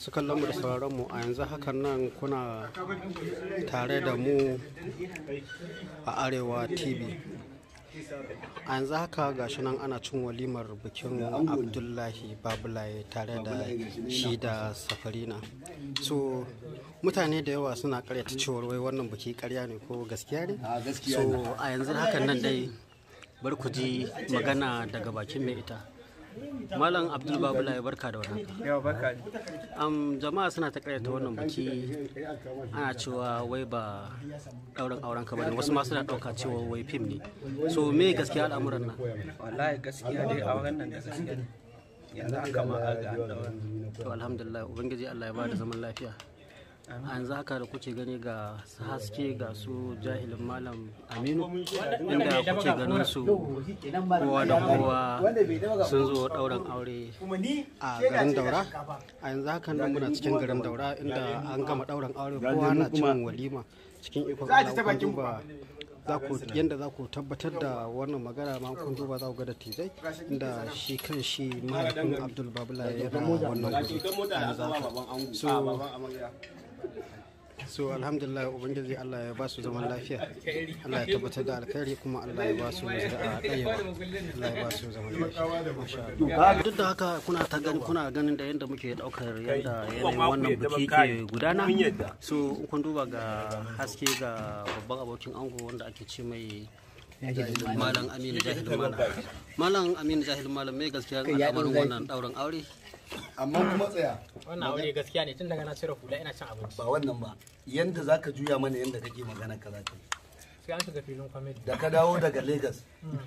su kallon mu da sauraron mu a yanzu hakan nan kuna tare da mu a arewa tv a yanzu haka gashi nan ana cin walimar bikin abdullahi babulaye tare da shi da safarina so mutane da yawa suna karyata cewar wai wannan biki karya ne ko gaskiya ne so a yanzu hakan nan dai bar ku ji magana daga bakin mai ita Malam Abdul Babu ya barka da warhaka. Yawa barka. Am jama'a suna ta ta wannan biki ana cewa wai ba dauran auren ka bane wasu ma suna dauka cewa wai fim ne. So me gaskiya al'amuran nan? Wallahi gaskiya dai auren nan da gaskiya. Yanzu an kama aga To alhamdulillah ubangiji Allah ya ba da zaman lafiya. A yanzu haka da kuke gani ga haske ga su jahilin malam aminu inda kuke ganin su kowa da kowa sun zo ɗauran aure a garin daura a yanzu haka nan muna cikin garin daura inda an gama ɗauran aure kowa na cin walima cikin ikon Allah duba yadda za ku tabbatar da wannan magana ma kun duba za ku ga da tijai inda shi kan shi mahaifin abdul babula ya yi wannan gudu so so alhamdulillah ubangiji Allah ya ba su zaman lafiya Allah ya tabbatar da alkhairi kuma Allah ya ba su a ɗaya Allah ya ba su zaman lafiya duk da haka kuna ta gani kuna ganin da yadda muke daukar yadda yanayin wannan buki ke gudana so kun duba ga haske ga babban abokin ango wanda ake ce mai malam aminu jahil malam malam aminu jahil malam mai gaskiya al'amarin wannan dauran aure amma kuma tsaya wannan aure gaskiya ne tun daga na cire hula ina cin abinci ba wannan ba yanda zaka juya mana yanda kake magana ka zaka sai an shiga filin comedy da ka dawo daga Lagos hmm.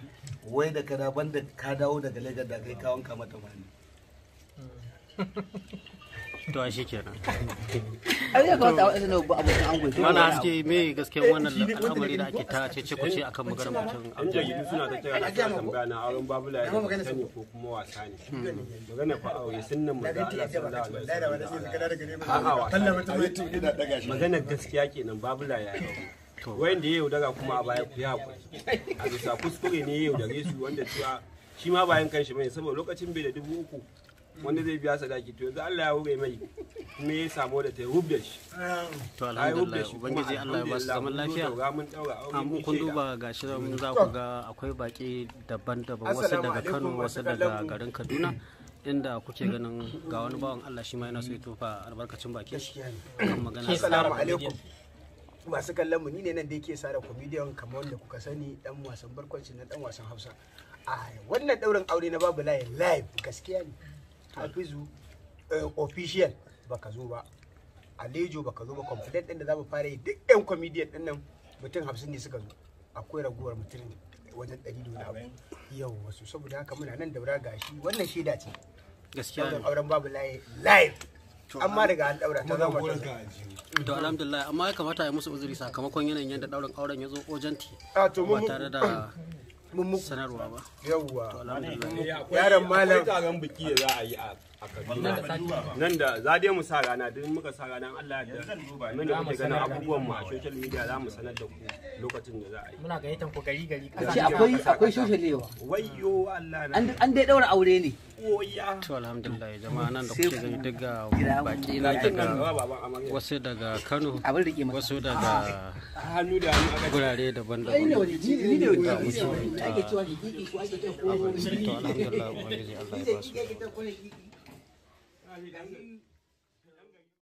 wai da ka da banda ka dawo daga Lagos da kai kawon ka mata bani hmm. to a shi kenan ai ya kawata wa'ansu na ba mana haske me gaske wannan al'amari da ake ta ce ce kuce akan maganar mutum an suna ta kira ta tambaya na auren babula ya ta ne ko kuma wasa ne magana fa aure sunnan mu da Allah sallallahu alaihi wasallam magana gaskiya kenan babula ya aure wanda ya daga kuma a baya ku ya a bisa kuskure ne ya da Yesu wanda cewa shi ma bayan kanshi mai saboda lokacin bai da dubu uku wanda zai biya sadaki to yanzu Allah ya hure mai me ya samu da ta hubda shi to alhamdulillah ubangiji Allah ya ba su zaman lafiya amma kun duba gashi mun za ku ga akwai baki daban-daban wasu daga Kano wasu daga garin Kaduna inda kuke ganin ga wani bawan Allah shi ma yana so ya tofa albarkacin baki kan magana assalamu alaikum masu kallon mu ni ne nan da yake sara comedian kamar wanda kuka sani dan wasan barkwanci na dan wasan Hausa a wannan daurin aure na babu layin live gaskiya ne hafizu eh, official baka zo ba alejo baka zo ba complaint din da zamu fara yi duk yan comedian din nan mutum hamsin ne suka zo akwai raguwar mutum wajen ɗari da wani abu yau wasu saboda haka muna nan da daura gashi wannan shaida ce gaskiya ne auren babu laye live amma daga an ɗaura ta zama ta zama to alhamdulillah amma ya kamata a yi musu uzuri sakamakon yanayin yadda ɗaurin auren ya zo ojanti ah, ba tare da mun muku sanarwa ba yawwa yaron malam biki da za a yi a nan da za mu sa rana duk muka sa rana Allah ya yarda mun da ganin abubuwan mu a social media za mu sanar da ku lokacin da za a yi muna gari gari akwai akwai social media wayyo Allah an dai daura aure ne to alhamdulillah jama'a nan da kuke gani daga baki na daga wasu daga kano wasu daga gurare daban to alhamdulillah allah ya ba su